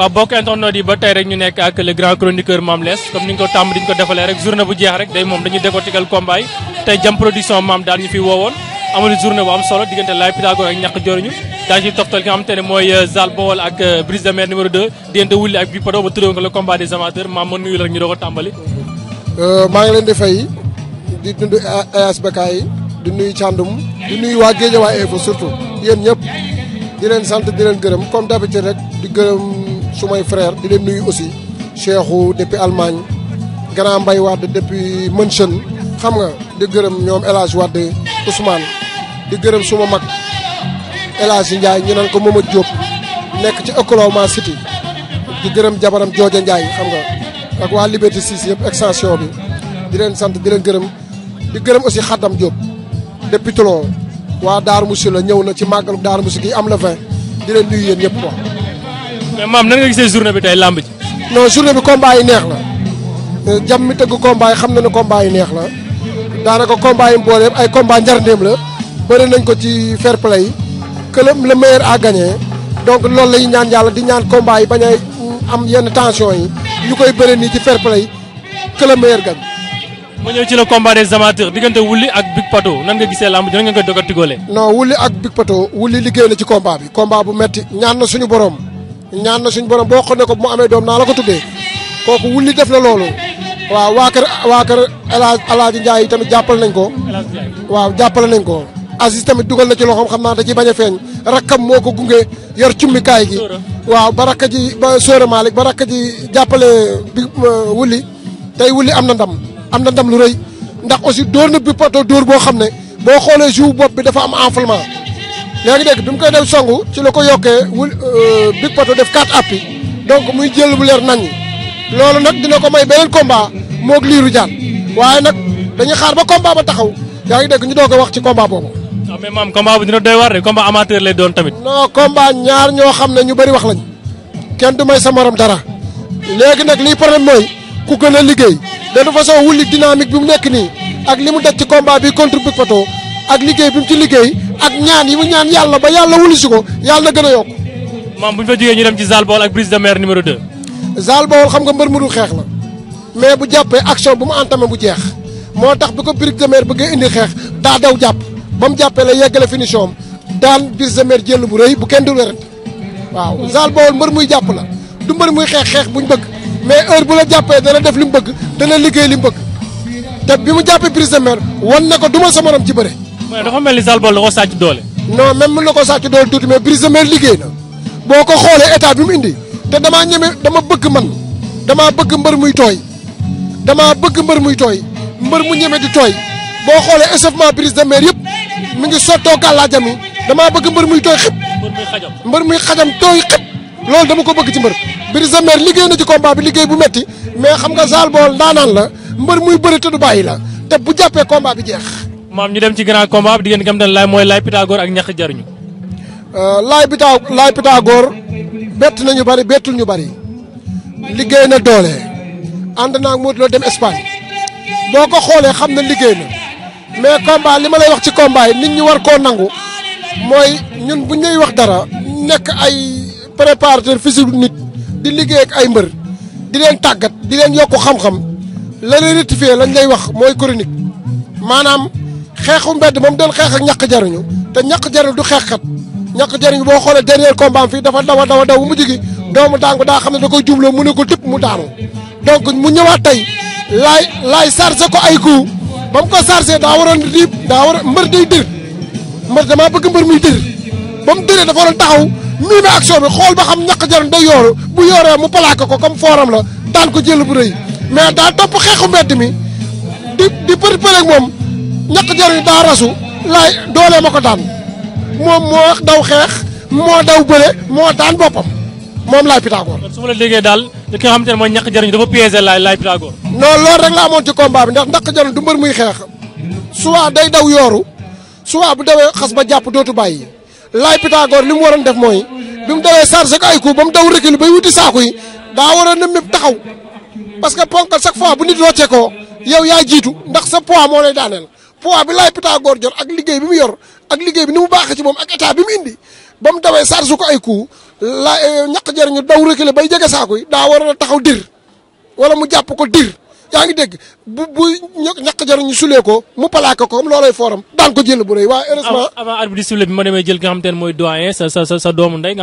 wa bokk internet di ba tay rek ñu nekk ak le grand chroniqueur mam les comme ni nga ko tam diñ ko defale rek journée bu jeex rek day mom dañuy décortiquer le combat yi tey jam production mam dal ñu fi wowon amul journée bu am solo digënté lay Pythagore ak ñàkk joriñu daa ci toftal ki am tane moy Zal Bawol ak euh, brise de mer numéro 2 diggante wulli ak bi pado ba tuddee ko le combat des amateurs mam mënuy rek ñu doo ko euh ma ngi leen di fay di dund ayas bakay di nuyu chandum di nuyu waa Guédiawaye info surtout yeen ñep di leen sante di leen gërëm comme d'habitude rek di gërëm sumay frère di leen nuyu aussi Cheikhou depuis Allemagne grand wax Wade depuis München xam nga di gërëm ñoom El Hadj Wade Ousmane di gërëm suma mag El Hadj Ndiaye ñu naan ko Momadou Diop nekk ci Oklahoma City di gërëm jabaram Jooja Ndiaye xam nga ak waa Liberté 6 yëpp extension bi di leen sant di leen gërëm di gërëm aussi Xaddam Diop depuis Toulon waa Darou Moussi la ñëw na ci màggalu Darou Moussi kii am la 20 di leen nuyu yéen yëpp quoi. mais maam nan nga gisee journée bi tey làmb ji. non journée bi combat yi neex la euh, jàmm mi tëgg combat yi xam na ne combat yi neex la daanaka combat yi mu boole yëpp ay combat njarndeem la bëri nañ ko ci fair play que le meilleur a gagné donc loolu lay ñaan yàlla di ñaan combat yi bañ am yenn tension yi ñu koy bëri nii ci fair play que le meilleur gagne. ma ñëw ci le combat des amateurs diggante Wouly ak Big Pato nan nga gisee làmb dinañ nga ko doog a tigoole. non Wouly ak Big ci combat bi combat bu metti ñaan na suñu borom. ñaan na suñ borom boo xoolee ko bu mu amee doom naa la ko tuddee kooku wulli def na loolu waaw waa kër waa kër El Hadj El Hadj tamit jàppale nañ ko. waaw jàppale nañ ko. Aziz tamit dugal na ci loxoom xam naa da ciy bañ a feeñ rakkam moo ko gunge yor cummikaay gi. waaw ba rakk ji ba Sora Malick ba rakk ji jàppale bi euh, wulli tey wulli am na ndam am na ndam lu rëy ndax aussi dóor na bi poto dóor boo xam ne boo xoolee jour bopp bi dafa am enflement. yaangi deg bim koy dem songu ci la ko yokkee euh, big poto def 4 appi donc muy jël bu leer nañ loolu nag dina ko may beneen combat moog liiru jaan waaye nag dañuy xaar ba combat ba taxaw yaangi deg ñu doog a wax ci combat boobu mais maam combat bu dina doy war de combat amateur lay doon tamit non combat ñaar ñoo xam ne ñu bëri wax lañ kenn du may sa morom dara léegi nag lii problème mooy ku gën a liggéey de toute façon wuli dynamique bi mu nekk nii ak li mu daj ci combat bi contre big poto ak liggéey bi mu ci liggéey ak ñaan yi mu ñaan yàlla ba yàlla wuli si ko yàlla na gën a yokk maam bu ñu fa jógee ñu dem ci Zal Baol ak brise de mer numéro 2. Zal Baol xam nga mbër mu dul xeex la mais bu jàppee action bu mu entamé bu jeex moo tax bi ko brise de mer bëgg a indi xeex daa jàpp ba mu jàppee la yeggale finition am daan brise de mer jël bu rëy bu kenn dul wérante waaw Zal Baol mbër muy jàpp la du mbër muy xeex xeex bu ñu bëgg mais heure bu la jàppee dana def li mu bëgg dana liggéey li mu bëgg bi mu jàppee brise de mer wan na ko ma sa ci bëre mais dafa mel ni Sall Bal da ko sàcc doole. non même mën na ko sàcc doole tuuti mais Brise de Mer liggéey na boo ko xoolee état bi mu indi te damaa ñeme dama bëgg man damaa bëgg mbër muy tooy damaa bëgg mbër muy tooy mbër mu ñeme di tooy boo xoolee échauffement Brise de Mer yëpp mu ngi sottoo gàllaajam yi damaa bëgg mbër muy tooy xëpp. mbër muy xajam mbër muy xajam tooy xëpp loolu dama ko bëgg ci mbër. Brise de Mer liggéey na ci combat bi liggéey bu metti mais xam nga Sall Bal la mbër muy bëri te du te bu jàppee combat bi jeex. maam ñu dem ci grand combat bi diggante ki nga xam ne laay mooy laay Pythagore ak ñax jaruñu. Euh, laay Pytha laay Pythagore bett nañu bari bettul ñu bari liggéey na doole ànd naa ak Modou Lo dem Espagne boo ko xoolee xam na liggéey na mais combat li ma lay wax ci combat yi nit ñi war koo nangu mooy ñun bu ñuy wax dara nekk ay préparateur physique nit di liggéey ak ay mbër di leen tàggat di leen yokku xam-xam la lay rectifier lañ lay wax mooy chronique maanaam xeexu mbedd moom doon xeex ak ñàkk jariñu te ñàkk jariñu du xeexkat ñàkk jariñu boo xoolee dernier combat fii dafa dawa dawa daw bu mujj gi doomu daangu daa xam ne da koy jubloo mu ne ko tëpp mu daanu donc mu ñëwaat tey laay laay chargé ko ay coup ba mu ko chargé daa waroon riib daa war mbër day dër mbër damaa bëgg mbër muy dër ba mu dëree dafa waroon taxaw mii ma bi xool ba xam ñàkk jariñu da yooru bu yooree mu plaqué ko comme forum la daan ko jël bu rëy mais daa topp xeexu mi di di ñaq jëriñ daa rasu laay doole ma ko daan moom moo daw xeex moo daw bële moo daan boppam moom laay Pythagore. kon la déggee daal li nga xamante ne mooy ñaq jëriñ dafa piégé laay laay Pythagore. non loolu rek la amoon ci combat bi ndax ñaq jëriñ du mbër muy xeex soit day daw yooru su soit bu dawee xas ba jàpp dootu bàyyi laay Pythagore li mu waroon def mooy bi mu dawee chargé ko ay coup ba mu daw recul bay wuti saako yi daa war a nëb taxaw parce que ponkal chaque fois bu nit roccee ko yow yaa jiitu ndax sa poids moo lay daaneel. poids bi laay Pythagore jot ak liggéey bi mu yor ak liggéey bi ni mu baaxee ci moom ak état bi mu indi ba mu dawee sarsu ko ay coup la eh, ñaq jariñu daw reculer bay jege saako yi daa war a taxaw dir wala mu jàpp ko dir yaa ngi dégg bu bu ñaq jaru ñu sulee ko mu palaaka ko comme loolay fooram daan ko jël bu rëy waaye heureusement avant arbitre di sulee bi ma demee jël nga xam te ne mooy doyen nga xam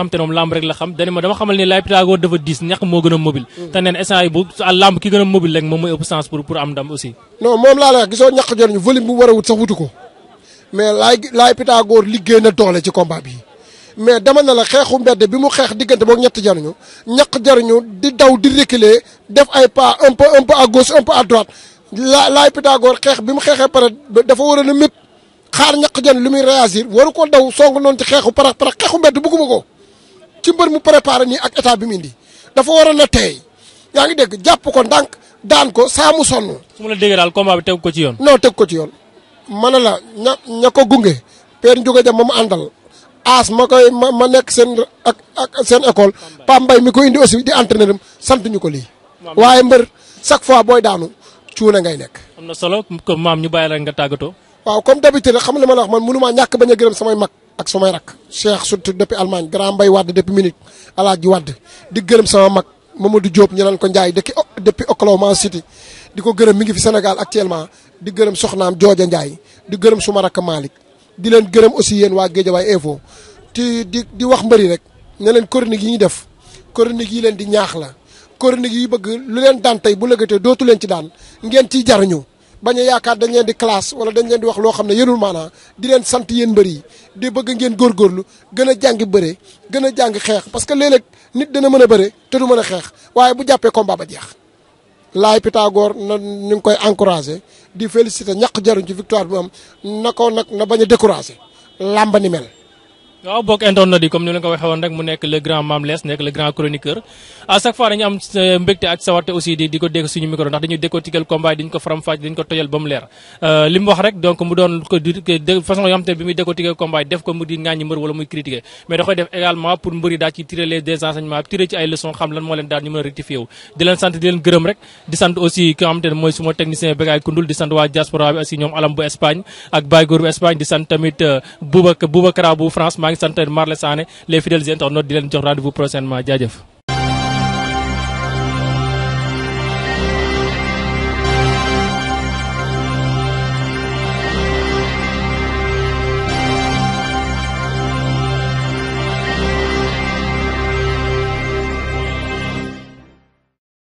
te ne moom lamb rek la xam dani ma dama xamal ni lay Pythagore dafa diis ñaq moo gën a mobile hmm. te neen instant bu lamb ki gën a mobile rek moom mooy ëpp sens pour pour am ndam aussi non moom laa la wax gisoo ñaq jaruñu volume bu war a wut sax wutu ko mais laay laay Pythagore liggéey na doole ci combat bi mais dama ne la xeexu mbedd bi mu xeex diggante boog ñett jariñu ñaq jariñu di daw di reculer def ay pas un peu un peu à gauche un peu à droite la laay Pythagore xeex bi mu xeexee pare dafa war a ne mépp xaar ñaq jariñu li muy réagir waru ko daw song noonu ci xeexu parax parax xeexu mbedd bugguma ko ci mbër mu préparé nii ak état bi mu indi dafa war a na tey yaa ngi dégg jàpp ko ndànk daan ko saa mu sonn. su ma la déggee daal combat bi teg ko ci yoon. non teg ko ci yoon. ma ne la ña ña ko gunge. père Ndiouga Dia ma mu àndal as ma koy ma nek sen ak ak seen école mbay mi ko indi aussi di entraîneur sant ñu ko li waye mbeur chaque fois boy daanu cuune ngay nek amna solo ko mam ñu bàyyi nga tagato waaw comme d'habitude xam li ma wax man mënumaa ñàkk bañ a samay mak ak samay rak cheikh surtout depuis allemagne grand mbay wad depuis munich alaaji wad di gërem sama mak Mamadou Diop ñu naan ko njaay dëkk depuis Oklahoma City diko gërem mi ngi fi senegal actuellement di gërem soxnam Jooja njaay di gërem suma rakk di leen gërëm aussi yéen waa Géejawaay info ti di di wax mbëri rek ne leen chronique yi ñu def chronique yi leen di ñaax la chronique yi bëgg lu leen daan tey bu lëggatee dootu leen ci daan ngeen ciy jariñu bañ a yaakaar dañ leen di classe wala dañ leen di wax loo xam ne yéenul maanaa di leen sant yéen mbër yi di bëgg ngeen góor góorgóorlu gën a jàngi bëre gën a jàngi xeex parce que léeg-léeg nit dana mën a bëre te du mën a xeex waaye bu jàppee combat ba jeex laay Pythagore na ñu ngi koy encouragé di félicité ñaq jaruñ ci victoire bi am na ko nag na bañ a découragé làmba ni mel. waaw bokk na di comme ni leen ko waxee woon rek mu nekk le grand mam Less nekk le grand chroniqueur à chaque fois dañu am euh, mbégte ak sawarte aussi di di ko dégg suñu micro ndax dañu décortiquer combat yi dañu ko faram faaj dañu ko toyal ba mu leer euh, li mu wax rek donc mu doon ko de façon yoo xam te bi muy décortiquer combat yi def ko mu di ŋàññi mbër wala muy critiquer mais da koy def également pour mbër yi daa ci tirer les des enseignements tirer ci ay leçons xam lan moo leen daal ñu mën a rectifier wu di leen sant di leen gërëm rek di sant aussi ki nga xam te mooy suma technicien Bégaay Koundoul di sant waa diaspora bi aussi ñoom alam bu Espagne ak Baye Góor bu Espagne di sant tamit euh, Boubacar bu France maa ngi sant Marley Sané les fidèles internautes di rendez-vous prochainement jaajëf